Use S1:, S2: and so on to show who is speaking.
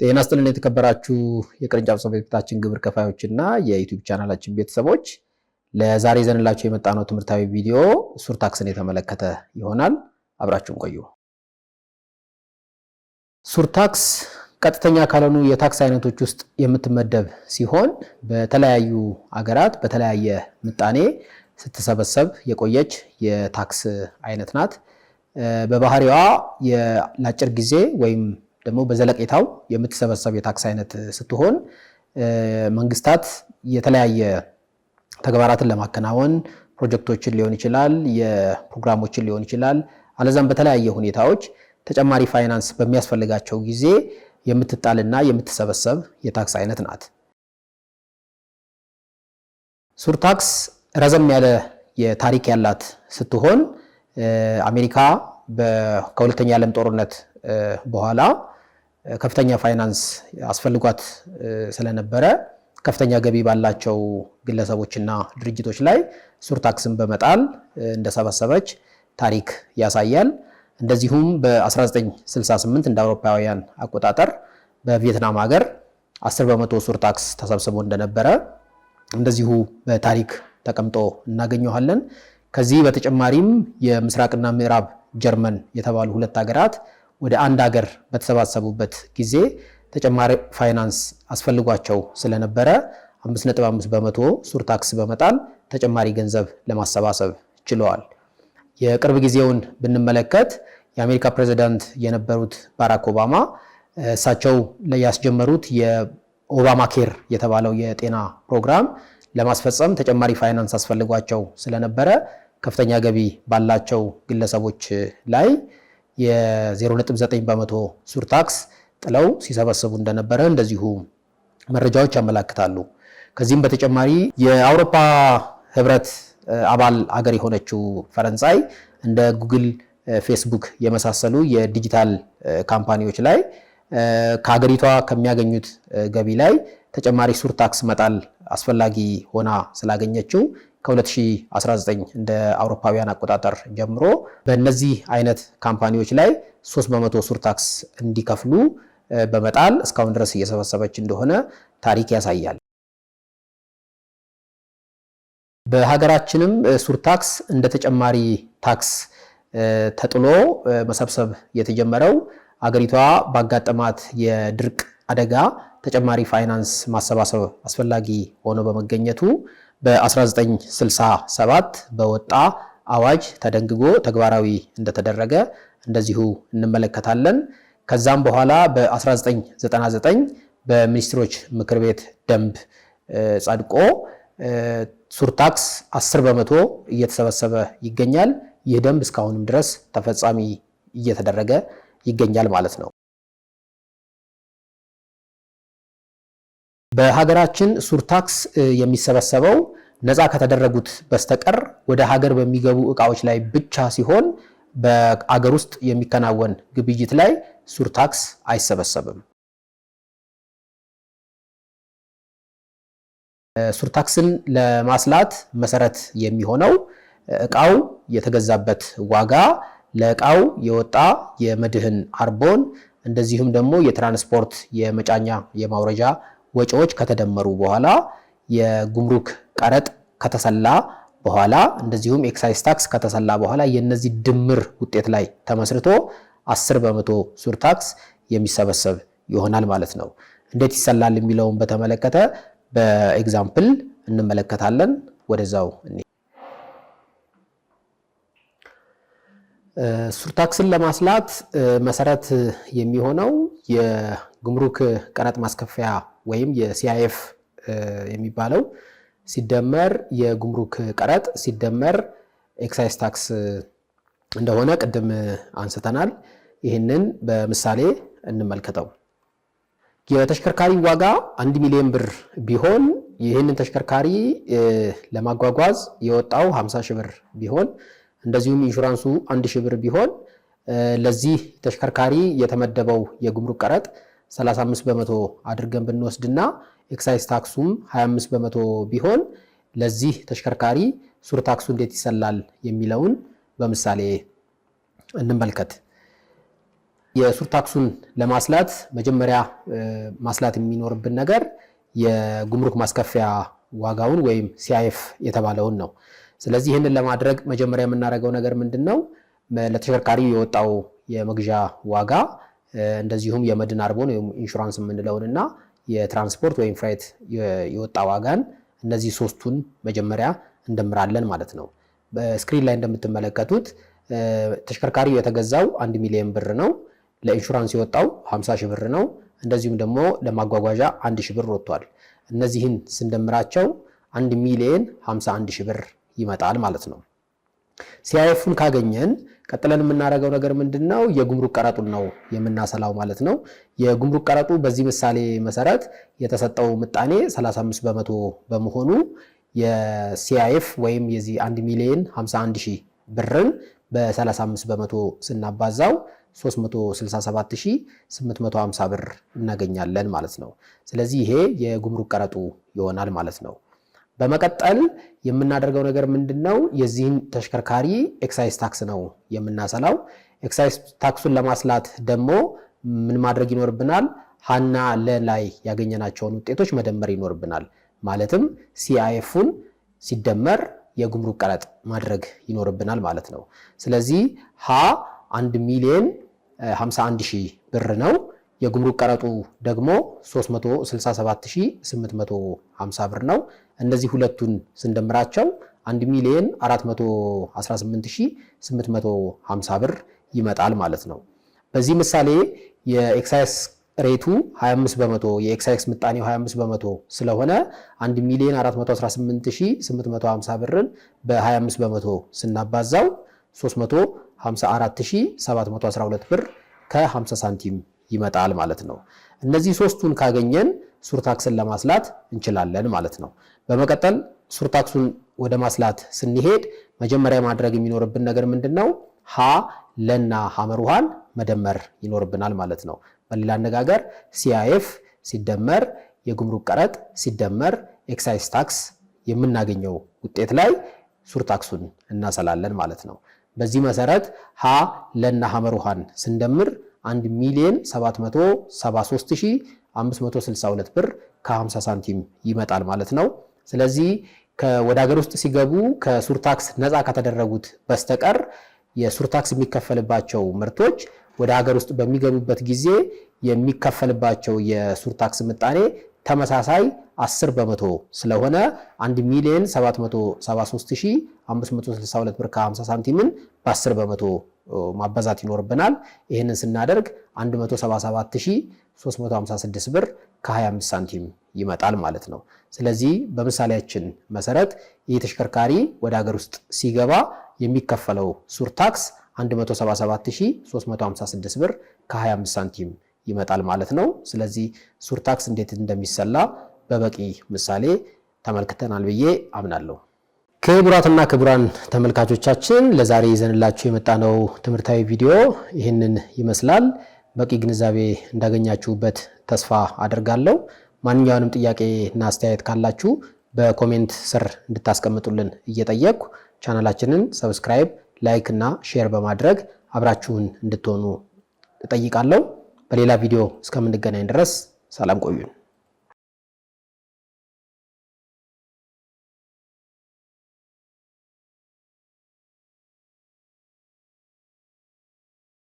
S1: ጤና ስጥልን የተከበራችሁ የቅርንጫፍ ጽሕፈት ቤታችን ግብር ከፋዮች እና የዩቲዩብ ቻናላችን ቤተሰቦች ለዛሬ የመጣ ነው ትምህርታዊ ቪዲዮ ሱር ታክስን የተመለከተ ይሆናል። አብራችሁን ቆዩ። ሱር ታክስ ቀጥተኛ ካልሆኑ የታክስ አይነቶች ውስጥ የምትመደብ ሲሆን በተለያዩ አገራት በተለያየ ምጣኔ ስትሰበሰብ የቆየች የታክስ አይነት ናት። በባህሪዋ ለአጭር ጊዜ ወይም ደግሞ በዘለቄታው የምትሰበሰብ የታክስ አይነት ስትሆን መንግስታት የተለያየ ተግባራትን ለማከናወን ፕሮጀክቶችን ሊሆን ይችላል፣ የፕሮግራሞችን ሊሆን ይችላል፣ አለዛም በተለያየ ሁኔታዎች ተጨማሪ ፋይናንስ በሚያስፈልጋቸው ጊዜ የምትጣልና የምትሰበሰብ የታክስ አይነት ናት። ሱርታክስ ረዘም ያለ የታሪክ ያላት ስትሆን አሜሪካ ከሁለተኛ ዓለም ጦርነት በኋላ ከፍተኛ ፋይናንስ አስፈልጓት ስለነበረ ከፍተኛ ገቢ ባላቸው ግለሰቦችና ድርጅቶች ላይ ሱር ታክስን በመጣል እንደሰበሰበች ታሪክ ያሳያል። እንደዚሁም በ1968 እንደ አውሮፓውያን አቆጣጠር በቪየትናም ሀገር 10 በመቶ ሱር ታክስ ተሰብስቦ እንደነበረ እንደዚሁ በታሪክ ተቀምጦ እናገኘዋለን። ከዚህ በተጨማሪም የምስራቅና ምዕራብ ጀርመን የተባሉ ሁለት ሀገራት ወደ አንድ ሀገር በተሰባሰቡበት ጊዜ ተጨማሪ ፋይናንስ አስፈልጓቸው ስለነበረ 5.5 በመቶ ሱር ታክስ በመጣል ተጨማሪ ገንዘብ ለማሰባሰብ ችለዋል። የቅርብ ጊዜውን ብንመለከት የአሜሪካ ፕሬዚዳንት የነበሩት ባራክ ኦባማ እሳቸው ያስጀመሩት የኦባማ ኬር የተባለው የጤና ፕሮግራም ለማስፈጸም ተጨማሪ ፋይናንስ አስፈልጓቸው ስለነበረ ከፍተኛ ገቢ ባላቸው ግለሰቦች ላይ የ0.9 በመቶ ሱር ታክስ ጥለው ሲሰበስቡ እንደነበረ እንደዚሁ መረጃዎች ያመላክታሉ። ከዚህም በተጨማሪ የአውሮፓ ህብረት አባል አገር የሆነችው ፈረንሳይ እንደ ጉግል፣ ፌስቡክ የመሳሰሉ የዲጂታል ካምፓኒዎች ላይ ከሀገሪቷ ከሚያገኙት ገቢ ላይ ተጨማሪ ሱር ታክስ መጣል አስፈላጊ ሆና ስላገኘችው ከ2019 እንደ አውሮፓውያን አቆጣጠር ጀምሮ በእነዚህ አይነት ካምፓኒዎች ላይ 3 በመቶ ሱር ታክስ እንዲከፍሉ በመጣል እስካሁን ድረስ እየሰበሰበች እንደሆነ ታሪክ ያሳያል። በሀገራችንም ሱር ታክስ እንደ ተጨማሪ ታክስ ተጥሎ መሰብሰብ የተጀመረው አገሪቷ ባጋጠማት የድርቅ አደጋ ተጨማሪ ፋይናንስ ማሰባሰብ አስፈላጊ ሆኖ በመገኘቱ በ1967 በወጣ አዋጅ ተደንግጎ ተግባራዊ እንደተደረገ እንደዚሁ እንመለከታለን። ከዛም በኋላ በ1999 በሚኒስትሮች ምክር ቤት ደንብ ጸድቆ ሱር ታክስ 10 በመቶ እየተሰበሰበ ይገኛል። ይህ ደንብ እስካሁንም ድረስ ተፈጻሚ እየተደረገ ይገኛል ማለት ነው። በሀገራችን ሱር ታክስ የሚሰበሰበው ነፃ ከተደረጉት በስተቀር ወደ ሀገር በሚገቡ እቃዎች ላይ ብቻ ሲሆን በአገር ውስጥ የሚከናወን ግብይት ላይ ሱር ታክስ አይሰበሰብም። ሱር ታክስን ለማስላት መሰረት የሚሆነው እቃው የተገዛበት ዋጋ፣ ለእቃው የወጣ የመድህን አርቦን፣ እንደዚሁም ደግሞ የትራንስፖርት የመጫኛ የማውረጃ ወጪዎች ከተደመሩ በኋላ የጉምሩክ ቀረጥ ከተሰላ በኋላ እንደዚሁም ኤክሳይዝ ታክስ ከተሰላ በኋላ የነዚህ ድምር ውጤት ላይ ተመስርቶ 10 በመቶ ሱር ታክስ የሚሰበሰብ ይሆናል ማለት ነው። እንዴት ይሰላል የሚለውን በተመለከተ በኤግዛምፕል እንመለከታለን። ወደዛው ሱር ታክስን ለማስላት መሰረት የሚሆነው የጉምሩክ ቀረጥ ማስከፈያ ወይም የሲአይኤፍ የሚባለው ሲደመር የጉምሩክ ቀረጥ ሲደመር ኤክሳይዝ ታክስ እንደሆነ ቅድም አንስተናል። ይህንን በምሳሌ እንመልከተው። የተሽከርካሪ ዋጋ አንድ ሚሊዮን ብር ቢሆን ይህንን ተሽከርካሪ ለማጓጓዝ የወጣው 50 ሺህ ብር ቢሆን እንደዚሁም ኢንሹራንሱ አንድ ሺህ ብር ቢሆን ለዚህ ተሽከርካሪ የተመደበው የጉምሩክ ቀረጥ 35 በመቶ አድርገን ብንወስድና ኤክሳይዝ ታክሱም 25 በመቶ ቢሆን ለዚህ ተሽከርካሪ ሱር ታክሱ እንዴት ይሰላል የሚለውን በምሳሌ እንመልከት። የሱር ታክሱን ለማስላት መጀመሪያ ማስላት የሚኖርብን ነገር የጉምሩክ ማስከፊያ ዋጋውን ወይም ሲአይኤፍ የተባለውን ነው። ስለዚህ ይህንን ለማድረግ መጀመሪያ የምናደርገው ነገር ምንድን ነው? ለተሽከርካሪው የወጣው የመግዣ ዋጋ እንደዚሁም የመድን አርቦን ወይም ኢንሹራንስ የምንለውን እና የትራንስፖርት ወይም ፍራይት የወጣ ዋጋን እነዚህ ሶስቱን መጀመሪያ እንደምራለን ማለት ነው። በስክሪን ላይ እንደምትመለከቱት ተሽከርካሪው የተገዛው አንድ ሚሊዮን ብር ነው። ለኢንሹራንስ የወጣው 50 ሺህ ብር ነው። እንደዚሁም ደግሞ ለማጓጓዣ አንድ ሺህ ብር ወጥቷል። እነዚህን ስንደምራቸው አንድ ሚሊዮን 51 ሺህ ብር ይመጣል ማለት ነው። ሲአይኤፉን ካገኘን ቀጥለን የምናደርገው ነገር ምንድን ነው? የጉምሩክ ቀረጡን ነው የምናሰላው ማለት ነው። የጉምሩክ ቀረጡ በዚህ ምሳሌ መሰረት የተሰጠው ምጣኔ 35 በመቶ በመሆኑ የሲአይኤፍ ወይም የዚህ 1 ሚሊዮን 51 ሺህ ብርን በ35 በመቶ ስናባዛው 367850 ብር እናገኛለን ማለት ነው። ስለዚህ ይሄ የጉምሩክ ቀረጡ ይሆናል ማለት ነው። በመቀጠል የምናደርገው ነገር ምንድን ነው? የዚህን ተሽከርካሪ ኤክሳይዝ ታክስ ነው የምናሰላው። ኤክሳይዝ ታክሱን ለማስላት ደግሞ ምን ማድረግ ይኖርብናል? ሀና ለላይ ያገኘናቸውን ውጤቶች መደመር ይኖርብናል። ማለትም ሲአይኤፉን ሲደመር የጉምሩክ ቀረጥ ማድረግ ይኖርብናል ማለት ነው። ስለዚህ ሀ 1 ሚሊዮን 51 ሺህ ብር ነው። የጉምሩክ ቀረጡ ደግሞ 367850 ብር ነው። እነዚህ ሁለቱን ስንደምራቸው 1 ሚሊዮን 418850 ብር ይመጣል ማለት ነው። በዚህ ምሳሌ የኤክሳይስ ሬቱ 25 በመቶ የኤክሳይስ ምጣኔው 25 በመቶ ስለሆነ 1 ሚሊዮን 418850 ብርን በ25 በመቶ ስናባዛው 354712 ብር ከ50 ሳንቲም ይመጣል ማለት ነው። እነዚህ ሶስቱን ካገኘን ሱርታክስን ለማስላት እንችላለን ማለት ነው። በመቀጠል ሱርታክሱን ወደ ማስላት ስንሄድ መጀመሪያ ማድረግ የሚኖርብን ነገር ምንድን ነው? ሀ ለና ሐመር ውሃን መደመር ይኖርብናል ማለት ነው። በሌላ አነጋገር ሲአይኤፍ ሲደመር የጉምሩክ ቀረጥ ሲደመር ኤክሳይዝ ታክስ የምናገኘው ውጤት ላይ ሱርታክሱን እናሰላለን ማለት ነው። በዚህ መሰረት ሀ ለና ሐመር ውሃን ስንደምር 1 ሚሊዮን 773562 ብር ከ50 ሳንቲም ይመጣል ማለት ነው። ስለዚህ ወደ ሀገር ውስጥ ሲገቡ ከሱርታክስ ነፃ ከተደረጉት በስተቀር የሱርታክስ የሚከፈልባቸው ምርቶች ወደ ሀገር ውስጥ በሚገቡበት ጊዜ የሚከፈልባቸው የሱርታክስ ምጣኔ ተመሳሳይ 10 በመቶ ስለሆነ 1 ሚሊዮን 773562 ብር ከ50 ሳንቲምን በ10 በመቶ ማበዛት ይኖርብናል። ይህንን ስናደርግ 177356 ብር ከ25 ሳንቲም ይመጣል ማለት ነው። ስለዚህ በምሳሌያችን መሰረት ይህ ተሽከርካሪ ወደ ሀገር ውስጥ ሲገባ የሚከፈለው ሱር ታክስ 177356 ብር ከ25 ሳንቲም ይመጣል ማለት ነው። ስለዚህ ሱር ታክስ እንዴት እንደሚሰላ በበቂ ምሳሌ ተመልክተናል ብዬ አምናለሁ። ክቡራትና ክቡራን ተመልካቾቻችን ለዛሬ ይዘንላችሁ የመጣነው ትምህርታዊ ቪዲዮ ይህንን ይመስላል። በቂ ግንዛቤ እንዳገኛችሁበት ተስፋ አድርጋለሁ። ማንኛውንም ጥያቄና አስተያየት ካላችሁ በኮሜንት ስር እንድታስቀምጡልን እየጠየቅኩ ቻናላችንን ሰብስክራይብ፣ ላይክ እና ሼር በማድረግ አብራችሁን እንድትሆኑ እጠይቃለሁ። በሌላ ቪዲዮ እስከምንገናኝ ድረስ ሰላም ቆዩን።